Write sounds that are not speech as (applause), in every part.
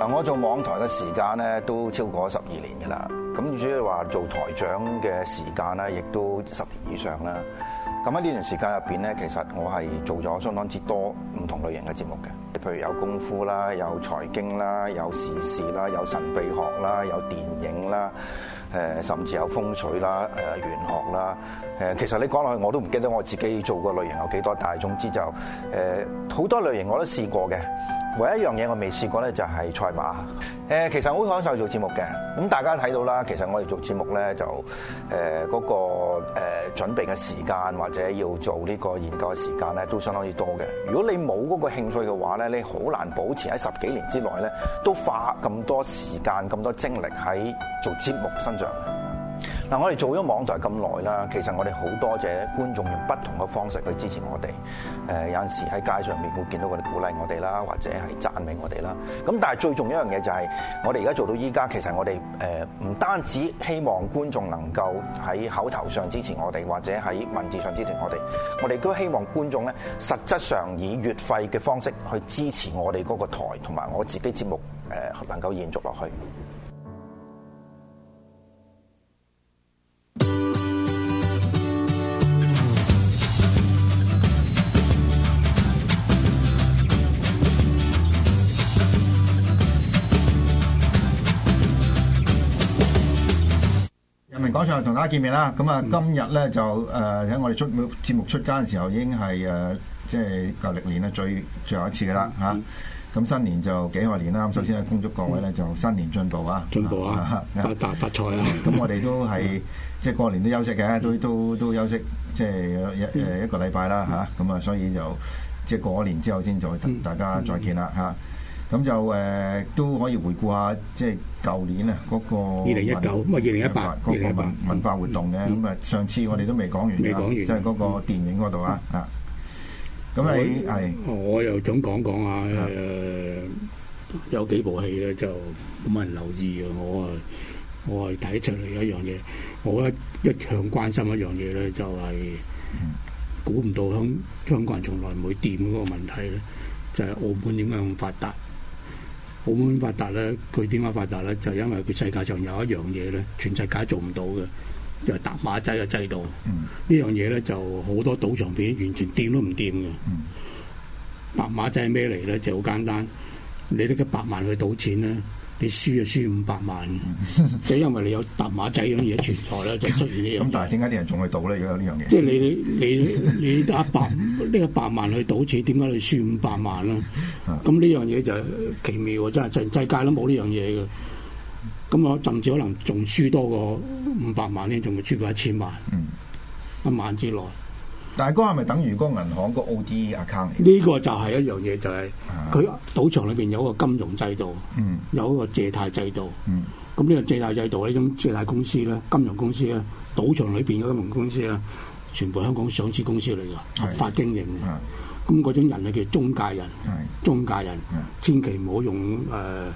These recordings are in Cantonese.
嗱，我做網台嘅時間咧都超過十二年噶啦，咁主要話做台長嘅時間咧，亦都十年以上啦。咁喺呢段時間入邊咧，其實我係做咗相當之多唔同類型嘅節目嘅，譬如有功夫啦，有財經啦，有時事啦，有神秘學啦，有電影啦，誒，甚至有風水啦，誒、呃，玄學啦，誒、呃，其實你講落去我都唔記得我自己做過類型有幾多，但係總之就，誒，好多類型我都試過嘅。唯一一樣嘢我未試過咧，就係賽馬。誒，其實好享受做節目嘅。咁大家睇到啦，其實我哋做節目咧，就誒嗰個誒準備嘅時間，或者要做呢個研究嘅時間咧，都相當之多嘅。如果你冇嗰個興趣嘅話咧，你好難保持喺十幾年之內咧，都花咁多時間、咁多精力喺做節目身上。嗱，我哋做咗網台咁耐啦，其實我哋好多謝觀眾用不同嘅方式去支持我哋。誒，有陣時喺街上面會見到佢哋鼓勵我哋啦，或者係讚美我哋啦。咁但係最重要一樣嘢就係，我哋而家做到依家，其實我哋誒唔單止希望觀眾能夠喺口頭上支持我哋，或者喺文字上支持我哋，我哋都希望觀眾咧，實質上以月費嘅方式去支持我哋嗰個台同埋我自己節目誒能夠延續落去。早上同大家見面啦，咁啊今日咧就誒喺我哋出節目出街嘅時候，已經係誒即係舊曆年咧最最後一次噶啦嚇。咁、嗯、新年就幾何年啦，咁首先恭祝各位咧就新年進步啊，進步啊，大發，發財啊！咁 (laughs) 我哋都係即係過年都休息嘅，都都都休息即係一誒一個禮拜啦嚇。咁啊、嗯，所以就即係過年之後先再大家再見啦嚇。嗯嗯咁就誒都可以回顧下，即係舊年啊嗰個二零一九，咁啊二零一八，二零一八文化活動嘅咁啊。上次我哋都未講完，未講完，即係嗰個電影嗰度啊。啊，咁你係，我又總講講啊，有幾部戲咧就冇乜人留意嘅。我我係睇出嚟一樣嘢，我一一向關心一樣嘢咧，就係估唔到香香港人從來唔會掂嗰個問題咧，就係澳門點解咁發達。澳門發達咧，佢點解發達咧？就因為佢世界上有一樣嘢咧，全世界做唔到嘅，就係、是、疊碼仔嘅制度。嗯、樣呢樣嘢咧，就好多賭場片完全掂都唔掂嘅。疊、嗯、碼仔係咩嚟咧？就好簡單，你拎個百萬去賭錢咧。你輸就輸五百萬，即係 (laughs) 因為你有疊碼仔樣嘢存在啦， (laughs) 就出現 (laughs) 呢樣。咁但係點解啲人仲去賭咧？而家呢樣嘢。即係你你你得一百呢個百萬去賭錢，點解你輸五百萬咧？咁呢樣嘢就奇妙啊！真係，全世界都冇呢樣嘢嘅。咁我甚至可能仲輸多過五百萬咧，仲會輸過一千萬，萬 (laughs) (laughs) 一晚之內。大哥係咪等於個銀行個 O D account？呢個就係一樣嘢，就係佢賭場裏邊有一個金融制度，有一個借貸制度。咁呢個借貸制度呢，咁借貸公司咧、金融公司咧、賭場裏邊嘅金融公司咧，全部香港上市公司嚟㗎，合法經營嘅。咁嗰種人咧叫中介人，中介人，千祈唔好用誒。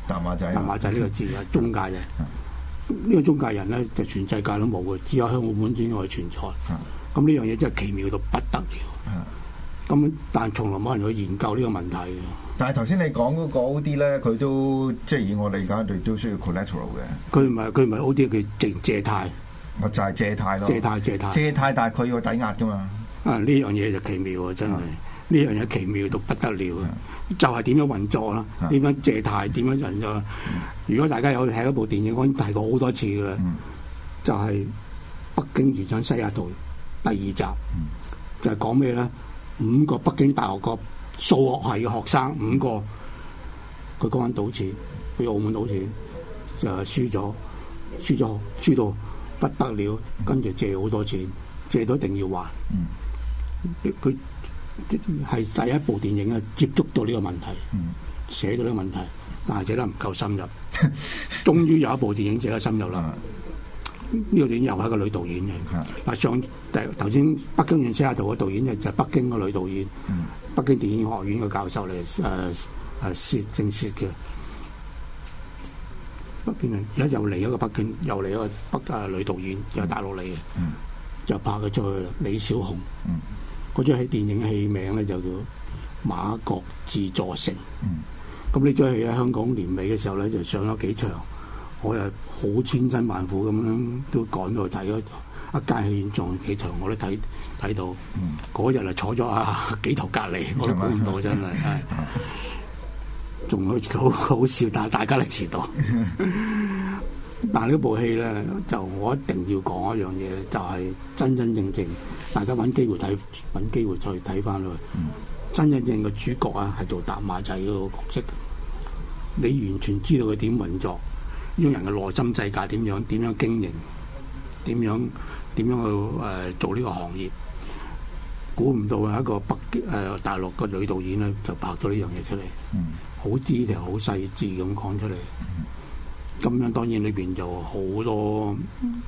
大馬仔，大馬仔呢個字係，中介人。呢個中介人咧，就全世界都冇嘅，只有香港本錢外存在。咁呢樣嘢真係奇妙到不得了。咁但係從來冇人去研究呢個問題嘅。但係頭先你講嗰個 O D 咧，佢都即係以我嚟講，佢都需要 collateral 嘅。佢唔係，佢唔係 O D，佢借借貸。我就係借貸咯。借貸借貸。借貸但係佢要抵押噶嘛？啊呢樣嘢就奇妙啊！真係呢樣嘢奇妙到不得了。就係點樣運作啦？點樣借貸？點樣運作。如果大家有睇一部電影，我已經提過好多次噶啦。就係北京遇上西雅圖。第二集就係講咩咧？五個北京大學個數學系嘅學生，五個佢講緊賭錢，喺澳門賭錢，就係輸咗，輸咗，輸到不得了，跟住借好多錢，借到一定要還。佢係、嗯、第一部電影啊，接觸到呢個問題，寫、嗯、到呢個問題，但係寫得唔夠深入。終於 (laughs) 有一部電影寫得深入啦。 (laughs) 呢個電影又係個女導演嘅，啊 Okay. 上第頭先北京遇上西雅圖嘅導演咧就係北京個女導演，mm. 北京電影學院嘅教授嚟，誒誒薛正薛嘅。北京人而家又嚟一個北京，又嚟一個北誒、uh, 女導演，又係大陸嚟嘅，mm. 就拍咗出去李小紅，嗰出喺電影戲名咧就叫《馬國自助城》，咁呢出戲喺香港年尾嘅時候咧就上咗幾場。我又好千辛萬苦咁樣都趕到去睇咯，一間戲院仲有幾場我、嗯啊幾，我都睇睇到。嗰日啊，坐咗啊幾頭隔離，我都估唔到，真係係仲好好好笑，但係大家嚟遲到。 (laughs) 但係呢部戲咧，就我一定要講一樣嘢，就係、是、真真正正大家揾機會睇，揾機會再睇翻佢。真、嗯、真正嘅主角啊，係做搭馬仔、就是、個角色，你完全知道佢點運作。用人嘅內心世界點樣點樣經營，點樣點樣去誒、呃、做呢個行業，估唔到係一個北誒、呃、大陸嘅女導演咧，就拍咗呢樣嘢出嚟，好知嘅好細緻咁講出嚟，咁、嗯、樣當然裏邊就好多。嗯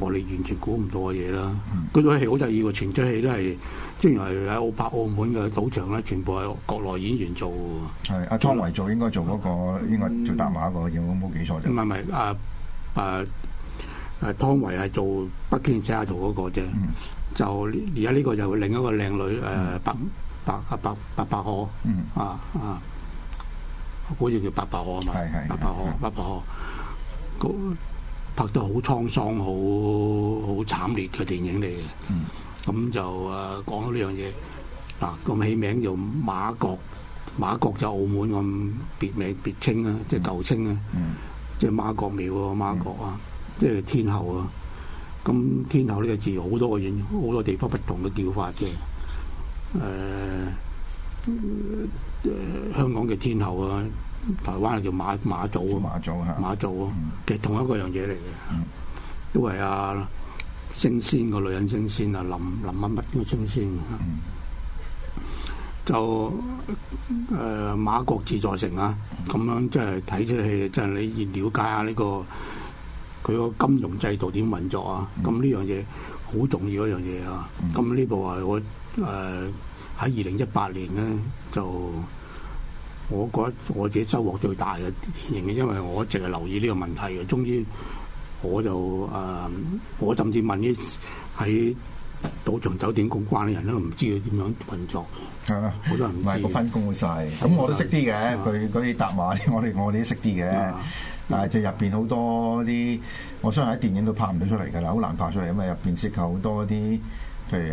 我哋完全估唔到嘅嘢啦，嗰套戲好得意喎！全出戲都係，之前係喺澳泊澳門嘅賭場咧，全部係國內演員做嘅。係阿湯唯做應該做嗰個，應該做打馬嗰個嘢，冇記錯。唔係唔係，阿阿阿湯唯係做北京西雅圖嗰個啫。就而家呢個就另一個靚女誒白白阿白白百何，啊啊！我估叫白百何啊嘛，白百何白百何。拍到好滄桑、好好慘烈嘅電影嚟嘅。咁、嗯、就誒、啊、講咗呢樣嘢，嗱、啊、咁起名叫馬國，馬國就澳門咁、啊、別名別稱啦、啊，即係舊稱啦、啊，嗯、即係馬國廟啊，馬國啊，嗯、即係天后啊，咁天后呢個字好多個影，好多地方不同嘅叫法嘅，誒、呃呃呃、香港嘅天后啊。台灣係叫馬馬祖啊，馬祖嚇，馬祖啊，其實同一個樣嘢嚟嘅，都係啊升仙個女人升仙啊，林林乜乜都啲升仙，就誒馬國自在城啊，咁樣即係睇出去，即係你要了解下呢個佢個金融制度點運作啊，咁呢樣嘢好重要一樣嘢啊，咁呢部係我誒喺二零一八年咧就。我覺得我自己收穫最大嘅原因因為我一直係留意呢個問題嘅。終於，我就誒、呃，我甚至問啲喺賭場酒店公關嘅人都唔知佢點樣運作。係啊，好多人唔係個分工好細。咁、嗯、我都識啲嘅，佢嗰啲答話，我哋我哋都識啲嘅。啊、但係就入邊好多啲，我相信喺電影都拍唔到出嚟㗎啦，好難拍出嚟因為，入邊涉及好多啲譬如誒。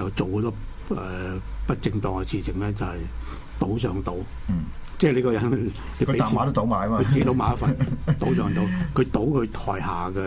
又做嗰啲誒，不正當嘅事情咧，就係、是、賭上賭。嗯。即係呢個人，佢打馬都賭馬啊嘛，賭馬一份，賭場賭，佢賭佢台下嘅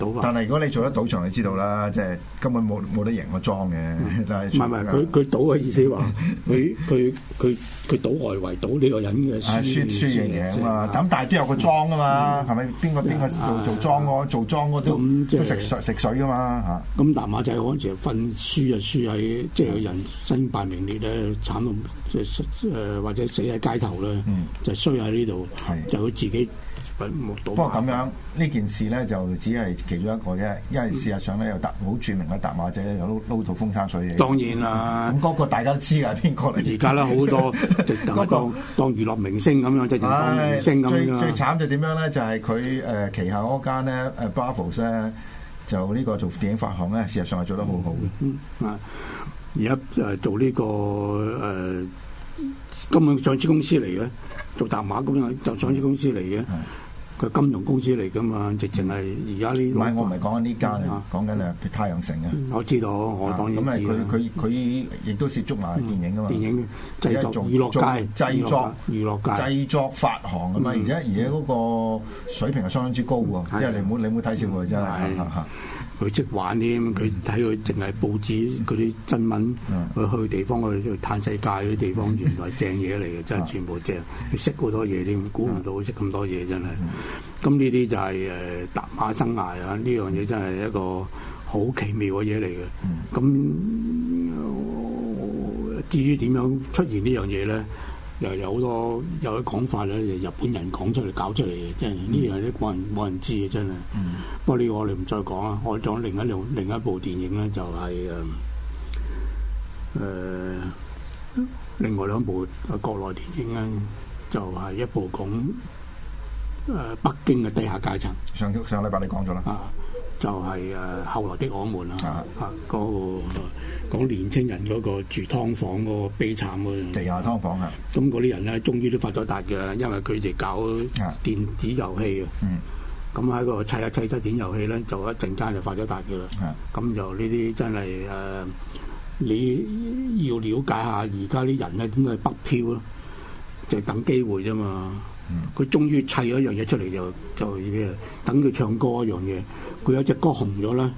賭。但係如果你做得賭場，你知道啦，即係根本冇冇得贏個莊嘅。唔係唔係，佢佢賭嘅意思話，佢佢佢佢賭外圍賭呢個人嘅輸輸輸贏贏啊。咁但係都有個莊啊嘛，係咪？邊個邊個做做莊做莊嗰都都食食食水㗎嘛。咁打馬就嗰陣時分輸就輸喺即係人身敗名裂咧，慘到即誒或者死。喺街頭咧，嗯、就衰喺呢度，是就佢自己不過咁樣呢件事咧，就只係其中一個啫。因為事實上咧，有笪好著名嘅達馬仔有又撈撈到風生水起，當然啦，咁嗰、嗯嗰個大家都知啊，邊個？而家咧好多當 (laughs) 當娛樂明星咁樣，即係當明星咁、 (laughs) 啊、最最慘就點樣咧？就係佢誒旗下嗰間咧誒 Barfels 咧，als，就呢個做電影發行咧，事實上係做得好好嘅、嗯。啊、嗯，而家就誒做呢、呢個誒。嗯呃嗯根本上市公司嚟嘅，做大馬咁樣，做上市公司嚟嘅，佢金融公司嚟噶嘛，直情係而家呢？唔係，我唔係講緊呢間，講緊啊，太陽城啊。我知道，我當然。咁啊，佢佢佢亦都涉足埋電影啊嘛。電影製作、娛樂界製作、娛樂界製作發行啊嘛，而且而且嗰個水平係相當之高喎。即係你唔好你唔好睇小佢真係。佢識玩添，佢睇佢淨係報紙嗰啲新聞，佢去地方去探世界嗰啲地方，原來正嘢嚟嘅，真係全部正，佢識好多嘢添，估唔到佢識咁多嘢，真係。咁呢啲就係誒駱馬生涯啊！呢樣嘢真係一個好奇妙嘅嘢嚟嘅。咁至於點樣出現呢樣嘢咧？又有好多有啲講法咧，就日本人講出嚟搞出嚟嘅，即係呢樣啲冇人冇人知嘅真係。嗯、不過呢個我哋唔再講啦。我講另一部另一部電影咧，就係誒誒另外兩部啊國內電影咧，就係、係、一部講誒、呃、北京嘅地下階層。上上個禮拜你講咗啦。啊就係誒、啊、後來的我們啦，啊，嗰、啊啊那個講、那個、年青人嗰個住劏房嗰個悲慘啊，地下劏房啊，咁嗰啲人咧，終於都發咗達嘅，因為佢哋搞電子遊戲嘅、啊，嗯，咁喺個砌一砌七點遊戲咧，就一陣間就發咗達嘅啦，咁、啊、就呢啲真係誒、呃，你要了解下而家啲人咧點解北漂咯，就等機會啫嘛。佢終於砌咗一樣嘢出嚟，就就誒等佢唱歌一樣嘢。佢有隻歌紅咗啦，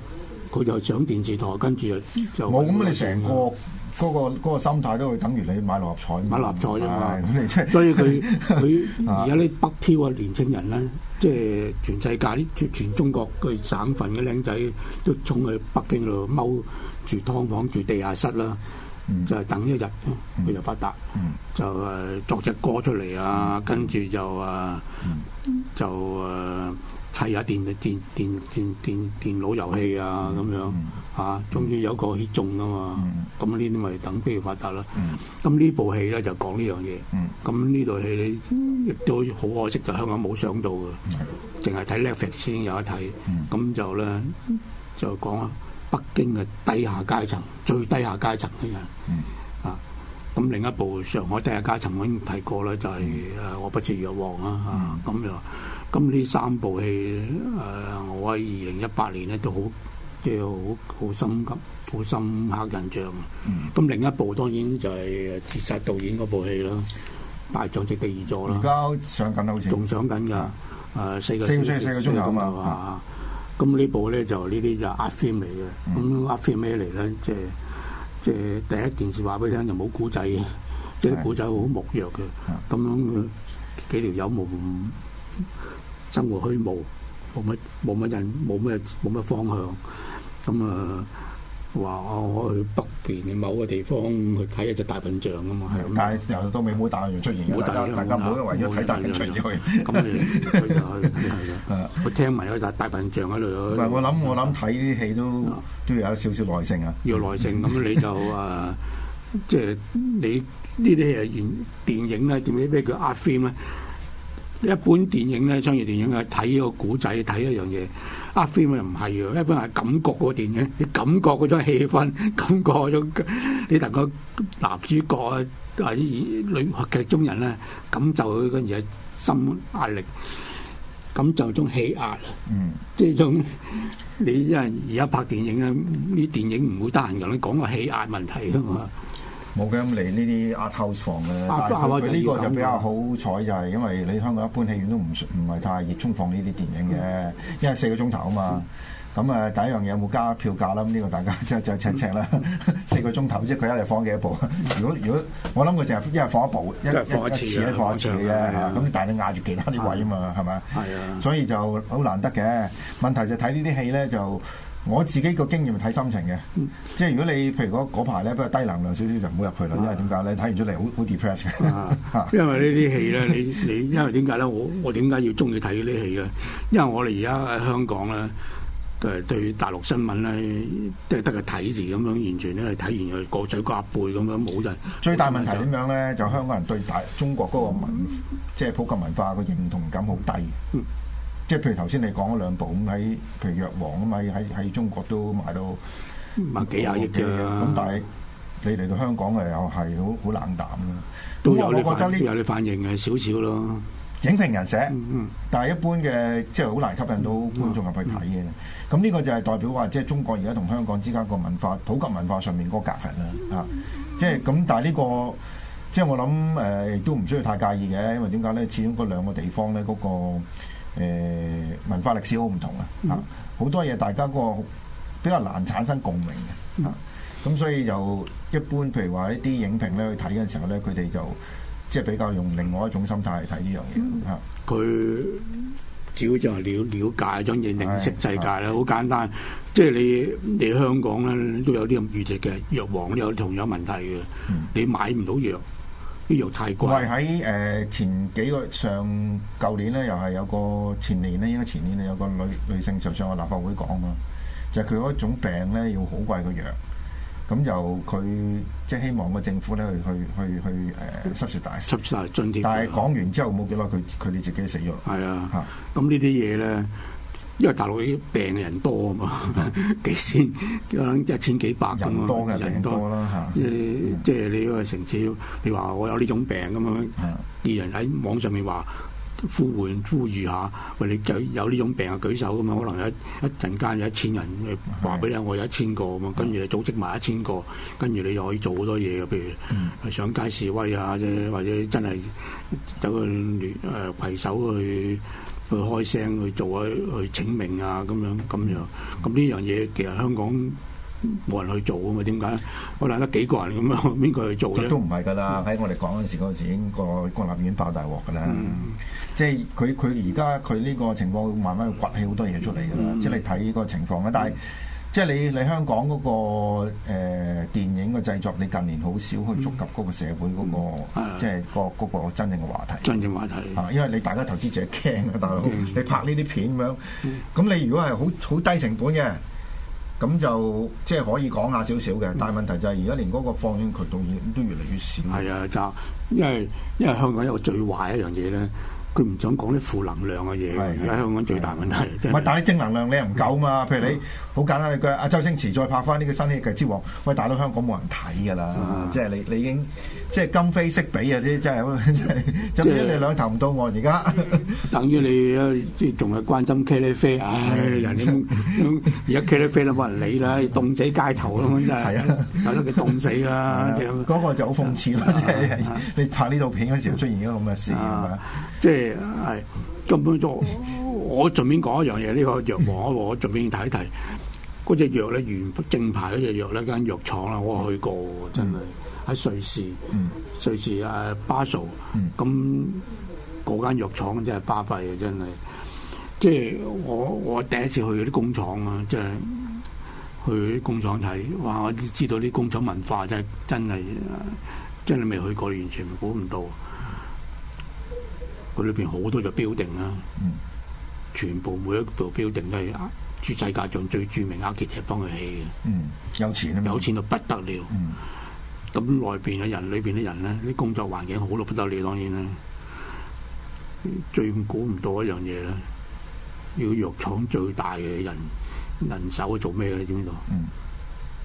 佢就上電視台，跟住就冇咁。你成個嗰、啊嗰個嗰個心態都會等於你買六合彩。買六合彩是啊嘛！所以佢佢而家啲北漂嘅年青人咧，即係全世界全中國嘅省份嘅僆仔，都衝去北京度踎住劏房住地下室啦。 (noise) 就係等一日，佢 (noise) 就發達，就誒作隻歌出嚟啊，跟住就誒就誒砌下電電電電電電腦遊戲啊咁樣，啊，終於有個 hit 中啊嘛，咁呢啲咪等不如發達啦。咁呢部戲咧就講呢樣嘢，咁呢套戲你亦都好可惜，就 (noise) 香港冇想到嘅，淨係睇 Netflix 先有得睇，咁就咧就講啊。北京嘅低下階層，最低下階層嘅人啊，咁另一部上海低下階層，我已經睇過啦，就係誒我不是藥神啊，咁又咁呢三部戲誒，我喺二零一八年咧都好即好好深刻、好深刻印象。咁另一部當然就係節實導演嗰部戲啦，《大象席地而坐》啦，而家上緊啦，好似仲上緊㗎，誒四個，四四四個鐘頭啊嘛。咁呢部咧就，就、嗯、呢啲就 art 片嚟嘅，咁 art 片咩嚟咧？即係即係第一件事話俾你聽，就冇古仔嘅，即係古仔好薄弱嘅，咁樣佢幾條友冇生活虛無，冇乜冇乜人，冇咩冇乜方向，咁啊～、呃話我去北邊嘅某個地方去睇一隻大笨象啊嘛，係咁。但係由到尾冇大笨象出現，大家大家唔好為咗睇大笨象去。咁你去啊，係啊。誒，我聽埋佢大大笨象喺度。唔係，我諗我諗睇啲戲都都有少少耐性啊。要耐性，咁你就誒，即係你呢啲啊，電電影咧，點解咩叫 art film？一般電影咧，商業電影係，睇個古仔，睇一樣嘢。阿飛咪唔係啊，一般係感覺個電影，你感覺嗰種氣氛，感覺嗰種你同個男主角啊，喺女劇中人咧，感受佢嗰陣時心壓力，咁就種氣壓啊。嗯。即係種你真係而家拍電影咧，啲、嗯、電影唔會得閒同你講個氣壓問題嘅嘛。嗯。冇咁嚟呢啲 art house 房嘅，呢個就比較好彩，就係因為你香港一般戲院都唔唔係太熱衷放呢啲電影嘅，因為四個鐘頭啊嘛。咁啊，第一樣嘢有冇加票價啦？咁呢個大家即係即赤赤啦，四個鐘頭即係佢一日放幾多部？如果如果我諗佢就係一日放一部，一一次咧放一次嘅。咁但係你嗌住其他啲位啊嘛，係咪啊？所以就好難得嘅問題就睇呢啲戲咧就。我自己個經驗係睇心情嘅，即係如果你譬如嗰排咧比較低能量少少就，就唔好入去啦。因為點解咧？睇完出嚟好好 depressed 嘅。因為呢啲戲咧，你你因為點解咧？我我點解要中意睇呢啲戲咧？因為我哋而家喺香港咧，都係對大陸新聞咧，都係得個睇字咁樣，完全咧睇完又個嘴夾背咁樣，冇就最大問題點樣咧？ (laughs) 就香港人對大中國嗰個文，即係、嗯、普及文化個認同感好低。嗯即係譬如頭先你講嗰兩部咁，喺譬如藥王，咁喺喺喺中國都賣到賣幾廿億嘅，咁但係你嚟到香港嘅又係好好冷淡咯。都有啲反應，有啲反應嘅少少咯。小小影評人寫，嗯、哼但係一般嘅即係好難吸引到觀眾入去睇嘅。咁呢、嗯、哼個就係代表話，即係中國而家同香港之間個文化普及文化上面嗰、嗯哼嗰個隔閡啦。嚇，即係咁，但係呢個即係我諗誒亦都唔需要太介意嘅，因為點解咧？始終嗰兩個地方咧嗰、嗰個。誒文化歷史好唔同啊！好、嗯、多嘢大家個比較難產生共鳴嘅，咁、嗯啊、所以就一般，譬如話一啲影評咧去睇嘅時候咧，佢哋就即係比較用另外一種心態去睇呢樣嘢嚇。佢主、嗯啊、要就係了了解種認識世界啦，好簡單。嗯、即係你你香港咧都有啲咁預計嘅藥王都有同樣問題嘅，嗯、你買唔到藥。啲藥太貴，我係喺誒前幾個上舊年咧，又係有個前年咧，應該前年咧有個女女性就上個立法會講啊，就係佢嗰種病咧，要好貴嘅藥，咁由佢即係希望個政府咧去去去去誒，濕雪大濕雪，但係講完之後冇幾耐，佢佢哋自己死咗。係啊，咁呢啲嘢咧。因為大陸啲病嘅人多啊嘛，幾千可能一千幾百咁多嘅人多啦嚇。即係多、嗯、你嗰個城市，你話我有呢種病咁樣，啲、嗯、人喺網上面話呼喚呼籲，呼籲下，喂你有有呢種病啊舉手咁啊，可能一一陣間有一千人誒話俾你，我有一千個咁啊，跟住你組織埋一千個，跟住你又可以做好多嘢嘅，譬如上街示威啊，或者真係走去誒、呃、攜手去。去開聲去做啊，去請命啊，咁樣咁樣。咁呢樣嘢其實香港冇人去做㗎嘛？點解？我懶得幾個人咁樣？邊個去做啫？其實都唔係㗎啦！喺我哋講嗰陣時，嗰陣時已經個國立院爆大鑊㗎啦。嗯、即係佢佢而家佢呢個情況慢慢崛起好多嘢出嚟㗎啦。嗯、即係你睇呢個情況啊，但係。即係你，你香港嗰、那個誒、呃、電影嘅製作，你近年好少去觸及嗰個社會嗰、那個，嗯嗯、即係、那個嗰的個真正嘅話題。真正話題啊，因為你大家投資者驚啊，大佬，嗯、你拍呢啲片咁樣，咁、嗯、你如果係好好低成本嘅，咁就即係可以講下少少嘅。嗯、但係問題就係而家連嗰個放映渠道都越嚟越少。係啊，就因為因為香港有個最壞一樣嘢咧。佢唔想講啲負能量嘅嘢，喺香港最大問題。唔係，但係正能量你又唔夠啊嘛？譬如你好簡單嘅，阿周星馳再拍翻呢個《新喜劇之王》，喂，大到香港冇人睇㗎啦，即係你你已經即係今非昔比啊！啲真係咁，真係，即係你兩頭唔到岸，而家等於你即係仲係關心茄喱啡唉，人哋而家茄喱啡都冇人理啦，凍死街頭啦，真係，由得佢凍死啦。嗰個就好諷刺啦，即係你拍呢套片嗰陣時出現咗咁嘅事，即係。係 (music) 根本就我,我順便講一樣嘢，呢個藥王我順便睇一睇嗰隻藥咧，原正牌嗰隻藥咧，間藥廠啦，我去過，真係喺瑞士，瑞士啊 Basel 咁嗰間藥廠真係巴閉啊，真係即係我我第一次去啲工廠啊，即係去啲工廠睇，哇！我知道啲工廠文化真係真係真係未去過，完全估唔到。佢裏邊好多就 building 啦，嗯、全部每一步 building 都係絕世界上最著名嘅 architect 幫佢起嘅，嗯，有錢啦，有錢到不得了。咁內邊嘅人，裏邊啲人咧，啲工作環境好到不得了，當然啦。最估唔到一樣嘢咧，要藥廠最大嘅人人手去做咩咧？你知唔知道？嗯、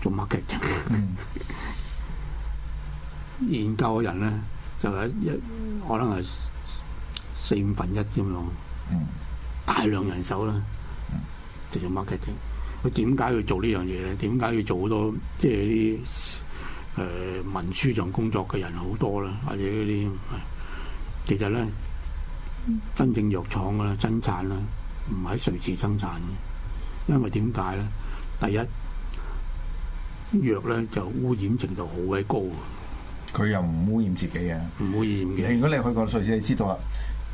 做 market， (laughs) 研究嘅人咧，就係、一一可能係。四五分一咁樣，嗯、大量人手啦，直、嗯、做 marketing。佢點解要做呢樣嘢咧？點解要做好多即係啲誒文書上工作嘅人好多咧？或者嗰啲，其實咧，真正藥廠啦、生產啦，唔喺瑞士生產嘅，因為點解咧？第一，藥咧就污染程度好鬼高，佢又唔污染自己嘅、啊，唔污染嘅。如果你去過瑞士，你知道啦。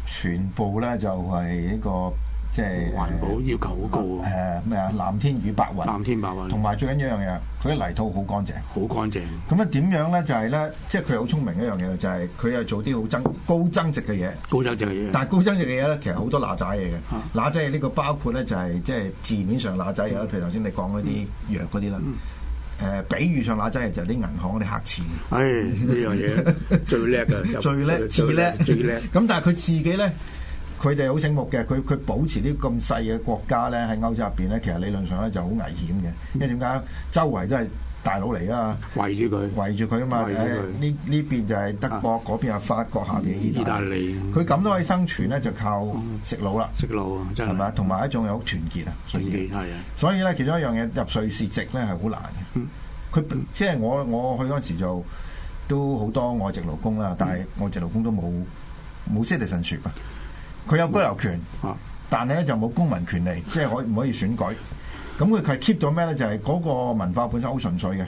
全部咧就係、是、呢、這個即係、就是、環保要求好高誒咩啊、呃、藍天與白雲，藍天白雲，同埋最緊一樣嘢，佢啲泥土好乾淨，好乾淨。咁啊點樣咧？就係、是、咧，即係佢好聰明一樣嘢就係佢又做啲好增高增值嘅嘢，高增值嘅嘢。但係高增值嘅嘢咧，其實好多乸仔嘢嘅。乸仔嘢呢個包括咧就係即係字面上乸仔嘢，譬、嗯、如頭先你講嗰啲藥嗰啲啦。嗯嗯誒、呃，比喻上話真係就係啲銀行嗰啲黑錢。誒，呢樣嘢最叻嘅， (laughs) 最叻， (laughs) 最叻， (laughs) 最叻。咁、 (laughs) 嗯、但係佢自己咧，佢哋好醒目嘅。佢佢保持啲咁細嘅國家咧，喺歐洲入邊咧，其實理論上咧就好危險嘅。因為點解？周圍都係。大佬嚟啊，圍住佢，圍住佢啊嘛！呢呢邊就係德國，嗰邊係法國，下邊意大利。佢咁都可以生存咧，就靠食腦啦，食腦啊，係嘛？同埋一種有團結啊，團結係啊。所以咧，其中一樣嘢入瑞士籍咧係好難嘅。佢即係我我去嗰陣時就都好多外籍勞工啦，但係外籍勞工都冇冇塞地臣説啊。佢有居留權，但係咧就冇公民權利，即係可唔可以選舉？咁佢係 keep 咗咩咧？就係嗰個文化本身好純粹嘅。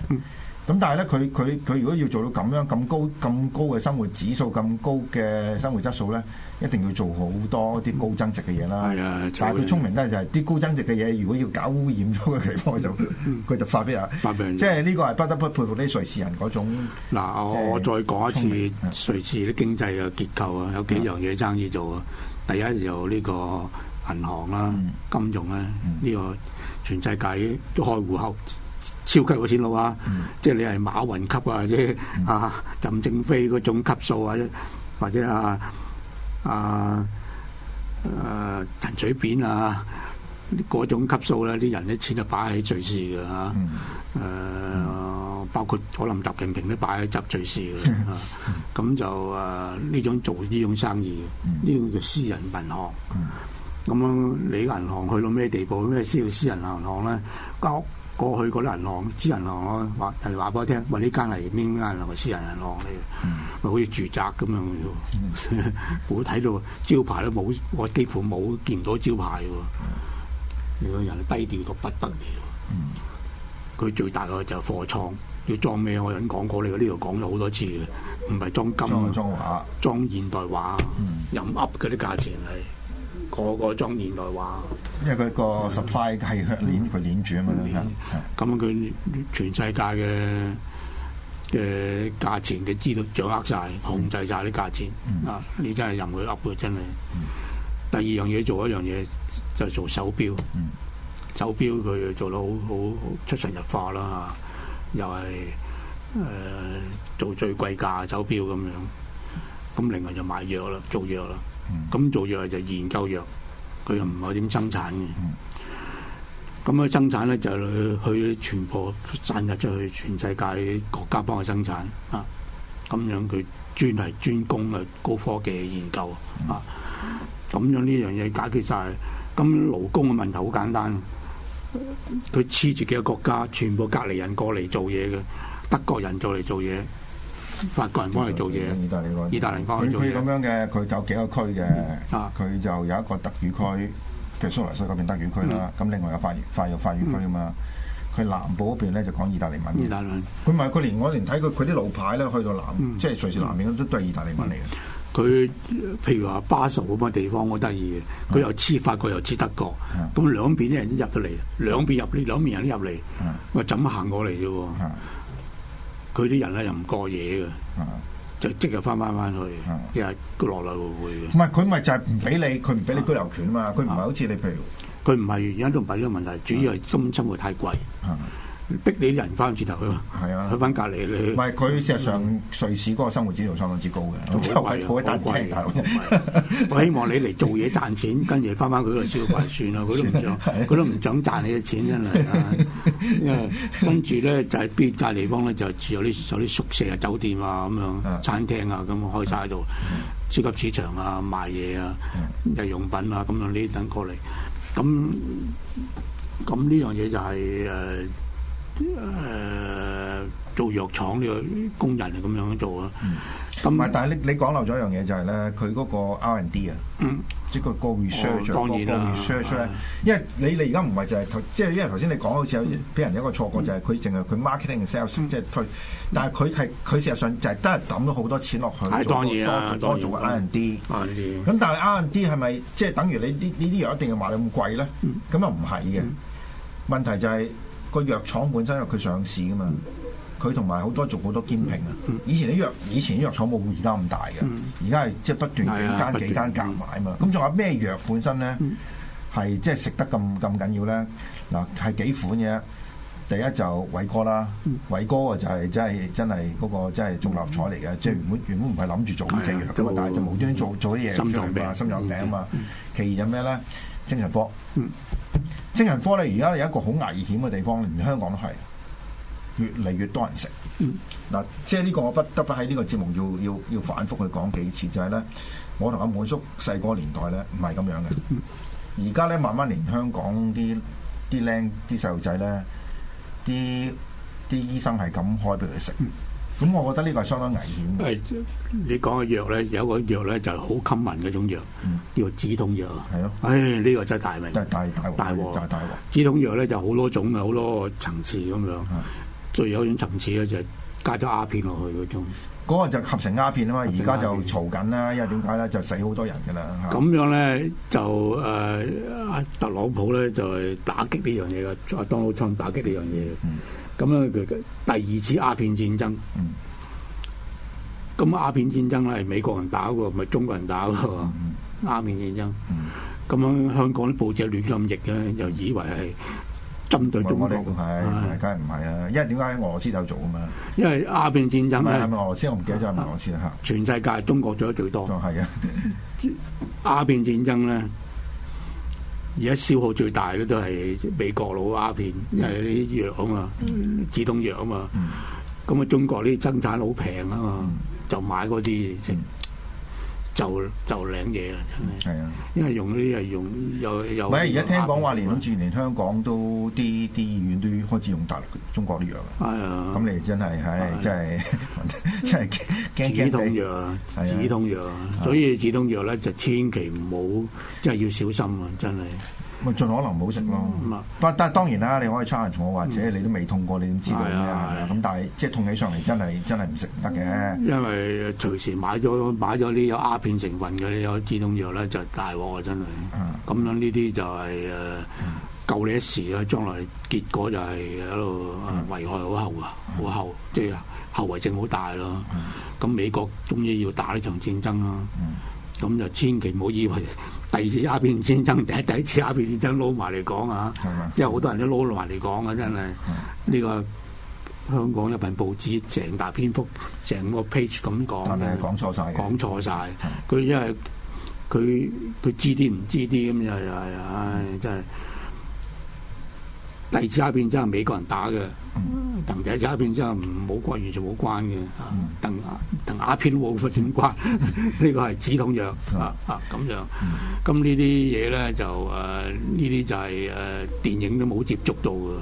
咁但係咧，佢佢佢如果要做到咁樣咁高咁高嘅生活指數、咁高嘅生活質素咧，一定要做好多啲高增值嘅嘢啦。係啊，但係佢聰明咧，就係啲高增值嘅嘢，如果要搞污染咗嘅地方，佢就佢就發俾人。發俾人，即係呢個係不得不佩服啲瑞士人嗰種。嗱，我再講一次，瑞士啲經濟嘅結構啊，有幾樣嘢生意做啊。第一就呢個銀行啦、金融啦呢個。全世界都開戶口，超級嘅錢佬啊！嗯、即係你係馬雲級啊，或者、嗯、啊，任正非嗰種級數啊，或者啊啊啊、呃、陳水扁啊嗰種級數咧、啊，啲人啲錢就擺喺瑞士嘅嚇。誒、嗯嗯啊，包括可能習近平都擺喺集瑞士嘅。咁、嗯嗯、就誒、啊、呢種做呢種生意，呢個叫私人銀行。嗯嗯嗯咁樣、嗯、你個銀行去到咩地步？咩需要私人銀行咧？過過去嗰啲銀行、私人銀行咧，話人哋話俾我聽，話呢間係邊間銀行、人私人銀行咧？咪、嗯、好似住宅咁樣喎？我睇、嗯、 (laughs) 到招牌都冇，我幾乎冇見到招牌嘅喎。呢個、嗯、人低調到不得了。佢、嗯、最大嘅就係貨倉要裝咩？我有人講過，你呢度講咗好、這個、多次嘅，唔係裝金裝裝畫裝現代畫，任 Ups 啲價錢嚟。個個莊年代話，因為佢個 supply 係佢鏈佢鏈住啊嘛，咁佢全世界嘅嘅價錢佢知道掌握晒、控制晒啲價錢啊！嗯、你真係任佢噏嘅真係。嗯、第二樣嘢做一樣嘢就做手錶，嗯、手錶佢做到好好出神入化啦，又係誒、呃、做最貴價手錶咁樣，咁另外就買藥啦，做藥啦。咁做藥就研究藥，佢又唔係點生產嘅。咁啊、嗯、生產咧就去全部散入出去全世界國家幫佢生產啊。咁樣佢專係專攻嘅高科技研究啊。咁樣呢樣嘢解決晒，咁勞工嘅問題好簡單。佢黐住幾個國家，全部隔籬人過嚟做嘢嘅，德國人做嚟做嘢。法國人幫你做嘢，意大利幫意大利幫佢做嘢咁樣嘅，佢有幾個區嘅，佢就有一個德語區，譬如蘇黎世嗰邊德語區啦，咁另外有法語、法法語區啊嘛。佢南部嗰邊咧就講意大利文。意大利，佢咪佢連我連睇佢佢啲路牌咧，去到南即係瑞士南面都都係意大利文嚟嘅。佢譬如話巴塞咁嘅地方好得意嘅，佢又黐法國又黐德國，咁兩邊啲人都入到嚟，兩邊入啲兩邊人都入嚟，喂，怎行過嚟啫？佢啲人咧又唔過夜嘅，啊、就即日翻翻翻去，日落嚟回嘅。唔係，佢咪就係唔俾你，佢唔俾你居留權啊嘛，佢唔係好似你譬、啊、如，佢唔係原因，都唔係呢個問題，啊、主要係租金會太貴。逼你啲人翻轉頭去嘛？係啊，去翻隔離。唔係，佢事實上瑞士嗰個生活指數相當之高嘅，好貴，我希望你嚟做嘢賺錢，跟住翻翻佢度消費算啦。佢都唔想，佢都唔想賺你啲錢真係。跟住咧就係邊間地方咧就住有啲有啲宿舍啊、酒店啊咁樣、餐廳啊咁開晒喺度，超級市場啊賣嘢啊、日用品啊咁樣呢等過嚟。咁咁呢樣嘢就係誒。誒，做藥廠呢個工人啊，咁樣做啊。唔係，但係你你講漏咗一樣嘢就係咧，佢嗰個 R&D 啊，即係個 research 個 research 咧。因為你你而家唔係就係即係因為頭先你講好似俾人一個錯覺，就係佢淨係佢 marketing sales 即係推，但係佢係佢事實上就係真係抌咗好多錢落去。當然多做個 R&D。R&D 咁但係 R&D 係咪即係等於你呢呢啲藥一定要賣咁貴咧？咁又唔係嘅。問題就係。個藥廠本身有佢上市噶嘛，佢同埋好多做好多兼併啊。以前啲藥，以前啲藥廠冇而家咁大嘅，而家係即係不斷幾間幾間夾埋嘛。咁仲有咩藥本身咧係即係食得咁咁緊要咧？嗱，係幾款嘅。第一就偉哥啦，偉哥啊就係真係真係嗰個真係中立彩嚟嘅，即係原本原本唔係諗住做呢隻藥，但係就冇端端做做啲嘢，心臟啊嘛，心臟病啊嘛。其二有咩咧？精神科。精神科咧，而家有一個好危險嘅地方，連香港都係越嚟越多人食。嗱，mm. 即係呢個我不得不喺呢個節目要要要反覆去講幾次，就係咧，我同阿滿叔細個年代咧唔係咁樣嘅，而家咧慢慢連香港啲啲靚啲細路仔咧，啲啲醫生係咁開俾佢食。Mm. 咁我覺得呢個係相當危險。係，你講嘅藥咧，有一個藥咧就係好 common 嗰種藥，嗯、叫做止痛藥。係咯的。唉，呢、這個真係大名，真係大大大鑊，大鑊。大惑大止痛藥咧就好、是、多種啊，好多個層次咁樣。最的有一種層次咧就係加咗鴉片落去嗰種。嗰個就合成鴉片啊嘛，而家就嘈緊啦，因為點解咧就死好多人㗎啦。咁樣咧就誒、呃，特朗普咧就係打擊呢樣嘢㗎，阿當奴侵打擊呢樣嘢。嗯咁咧，佢第二次鴉片戰爭，咁鴉、嗯、片戰爭咧係美國人打喎，唔係中國人打喎。鴉、嗯、片戰爭，咁、嗯、樣香港啲報紙亂咁譯咧，又、嗯、以為係針對中國，係梗係唔係啊？因為點解俄羅斯就做啊嘛？因為鴉片戰爭咧，係咪俄羅斯？我唔記得咗係俄羅斯啦。全世界中國做得最多。就係啊！鴉 (laughs) 片戰爭咧。而家消耗最大嘅都係美國佬鴉片，因為啲藥啊嘛，止痛藥啊嘛，咁啊、嗯、中國啲生產好平啊嘛，嗯、就買嗰啲就就領嘢啦，真係。係啊，因為用呢啲係用又又。唔係，而家聽講話連好似連香港都啲啲醫院都開始用大陸中國啲藥啊。係啊，咁你真係係真係真係驚驚。 (laughs) 止痛藥，止痛藥啊，所以止痛藥咧就千祈唔好，真係要小心啊！真係。咪盡可能唔好食咯。不、嗯，但係當然啦，你可以挑戰我或者你都未痛過，你點知道咧？咁、嗯、但係即係痛起上嚟，真係真係唔食唔得嘅。因為隨時買咗買咗啲有鴉片成分嘅有止痛藥咧，就大鑊、就是、啊！真係。咁樣呢啲就係誒救你一時啊，將來結果就係喺度危害好後啊，好後，即係後遺症好大咯。咁、嗯嗯、美國終於要打呢場戰爭啦。咁就千祈唔好以為。第二次鴉片戰爭，第一第一次鴉片戰爭攞埋嚟講啊，即係好多人都攞埋嚟講啊，真係呢、嗯、個香港一份報紙，成大篇幅，成個 page 咁講，但係講錯曬，講錯曬佢、嗯、因為佢佢知啲唔知啲咁樣啊啊！真係。第二次鴉片真係美國人打嘅，同第一次鴉片真係唔冇關，完全冇關嘅。鄧鄧鴉片冇乜點關，呢個係止痛藥啊啊咁樣。咁呢啲嘢咧就誒呢啲就係誒電影都冇接觸到嘅。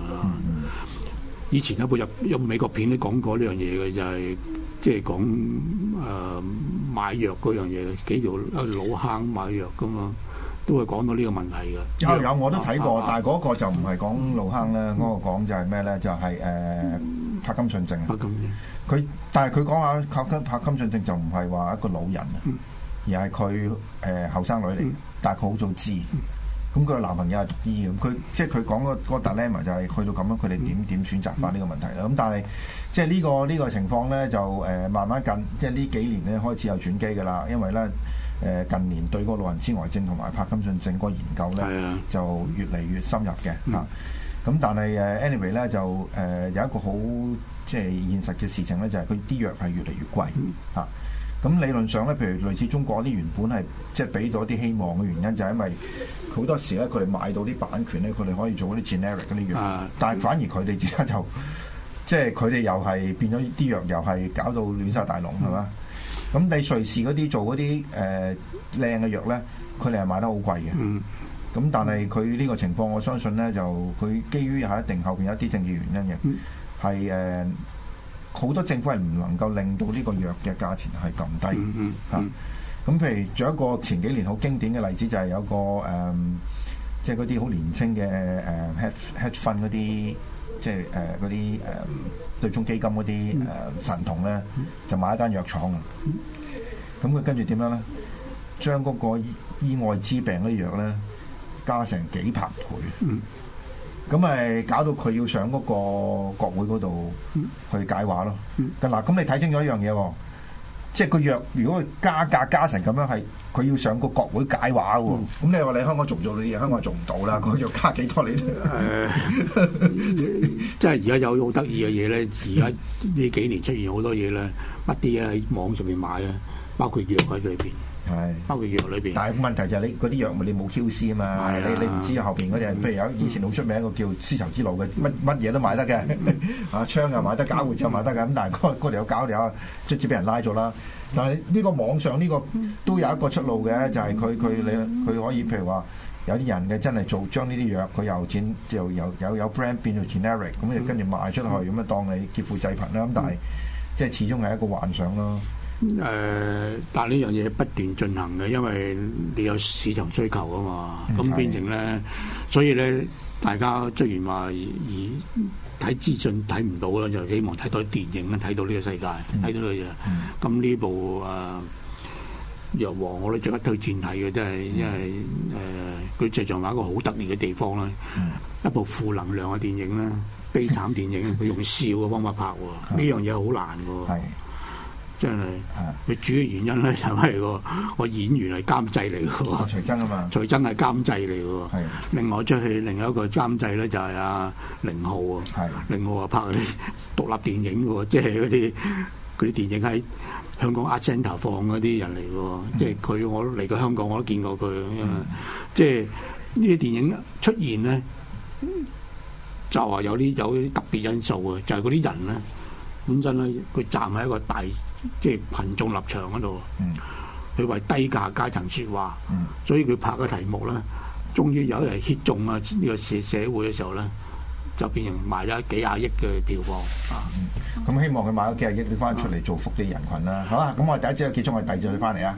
以前一部入一部美國片都講過呢樣嘢嘅，就係即係講誒買藥嗰樣嘢，幾條啊老坑買藥㗎嘛。都會講到呢個問題嘅為。有有，我都睇過，啊、但係嗰個就唔係講老坑啦，嗰、嗯、個講就係咩咧？就係誒柏金遜症啊。柏金佢，但係佢講下柏金柏金遜症就唔係話一個老人，嗯、而係佢誒後生女嚟。但係佢好早知，咁佢、嗯、個男朋友係讀醫，佢即係佢講個個 dilemma 就係、是、去到咁樣，佢哋點點選擇翻呢個問題啦。咁、嗯嗯嗯、但係即係呢個呢、呢個情況咧，就誒慢慢近，即係呢幾年咧開始有轉機㗎啦，因為咧。誒近年對個老人痴呆症同埋帕金遜症個研究咧，就越嚟越深入嘅嚇。咁、嗯、但係誒 anyway 咧就誒有一個好即係現實嘅事情咧，就係佢啲藥係越嚟越貴嚇。咁、嗯啊、理論上咧，譬如類似中國啲原本係即係俾到啲希望嘅原因，就係、是、因為好多時咧，佢哋買到啲版權咧，佢哋可以做嗰啲 generic 嗰啲藥，啊、但係反而佢哋自己就即係佢哋又係變咗啲藥，又係搞到亂晒大龍係嘛？嗯嗯。咁你瑞士嗰啲做嗰啲誒靚嘅藥咧，佢哋係賣得好貴嘅。嗯。咁但係佢呢個情況，我相信咧就佢基於係一定後面有一啲政治原因嘅，係誒好多政府係唔能夠令到呢個藥嘅價錢係咁低嘅。咁、嗯嗯嗯啊、譬如仲有一個前幾年好經典嘅例子就係有個誒，即係嗰啲好年輕嘅誒，Hedge Fund 嗰啲，即係誒嗰啲誒。對沖基金嗰啲誒神童咧，就買一間藥廠啊，咁佢跟住點樣咧？將嗰個醫愛滋病嗰啲藥咧，加成幾百倍，咁咪搞到佢要上嗰個國會嗰度去解話咯。嗱，咁你睇清楚一樣嘢。即係個藥，如果加價加成咁樣係，佢要上個國會解話喎。咁、嗯、你話你香港做唔做呢啲嘢？香港做唔到啦。個藥、嗯、加幾多你？係、呃， (laughs) 即係而家有好得意嘅嘢咧。而家呢幾年出現好多嘢咧，乜啲嘢喺網上面買啊？包括藥喺裏面。係，是包括藥裏邊。但係問題就係你嗰啲藥物你、啊你，你冇 QC 啊嘛，你你唔知後邊嗰啲，譬如有以前好出名一個叫絲綢之路嘅，乜乜嘢都買得嘅，啊槍又買得，假貨之又買得嘅，咁、嗯嗯、但係嗰嗰條友搞嚟啊，直接俾人拉咗啦。但係呢個網上呢個都有一個出路嘅，就係佢佢你佢可以譬如話有啲人嘅真係做將呢啲藥，佢又轉又又有有，有，有 brand 變做 generic，咁、嗯、又、嗯、跟住賣出去，咁啊當你劫富濟貧啦。咁、嗯、但係即係始終係一個幻想咯。誒、呃，但係呢樣嘢不斷進行嘅，因為你有市場需求啊嘛，咁、嗯、變成咧，所以咧，大家雖然話以睇資訊睇唔到啦，就希望睇到啲電影咧，睇到呢個世界，睇到佢啊。咁呢、嗯嗯嗯、部啊《若、呃、皇》我，我咧即刻推薦睇嘅，真係，因為誒，佢劇場話一個好特別嘅地方啦，嗯、一部負能量嘅電影咧，悲慘電影，佢 (laughs) 用笑嘅方法拍喎，呢樣嘢好難嘅喎。真係佢、啊、主要原因咧就係個我演員係監製嚟嘅，徐崢啊嘛，徐崢係監製嚟嘅。係的另外出去另一個監製咧就係阿寧浩啊，寧的浩啊拍嗰啲獨立電影喎，即係嗰啲啲電影喺香港 Art Centre 投放嗰啲人嚟嘅喎，嗯、即係佢我嚟過香港我都見過佢，因為、嗯嗯、即係呢啲電影出現咧就話有啲有啲特別因素啊。就係嗰啲人咧本身咧佢站喺一個大，即係羣眾立場嗰度，佢、嗯、為低價階層説話，嗯、所以佢拍嘅題目咧，終於有人 hit 中啊呢、呢個社社會嘅時候咧，就變成賣咗幾廿億嘅票房啊！咁希望佢賣咗幾廿億，拎翻出嚟做福啲人群啦，嗯、好啊！咁我哋第一節啊結束，我第二節翻嚟啊。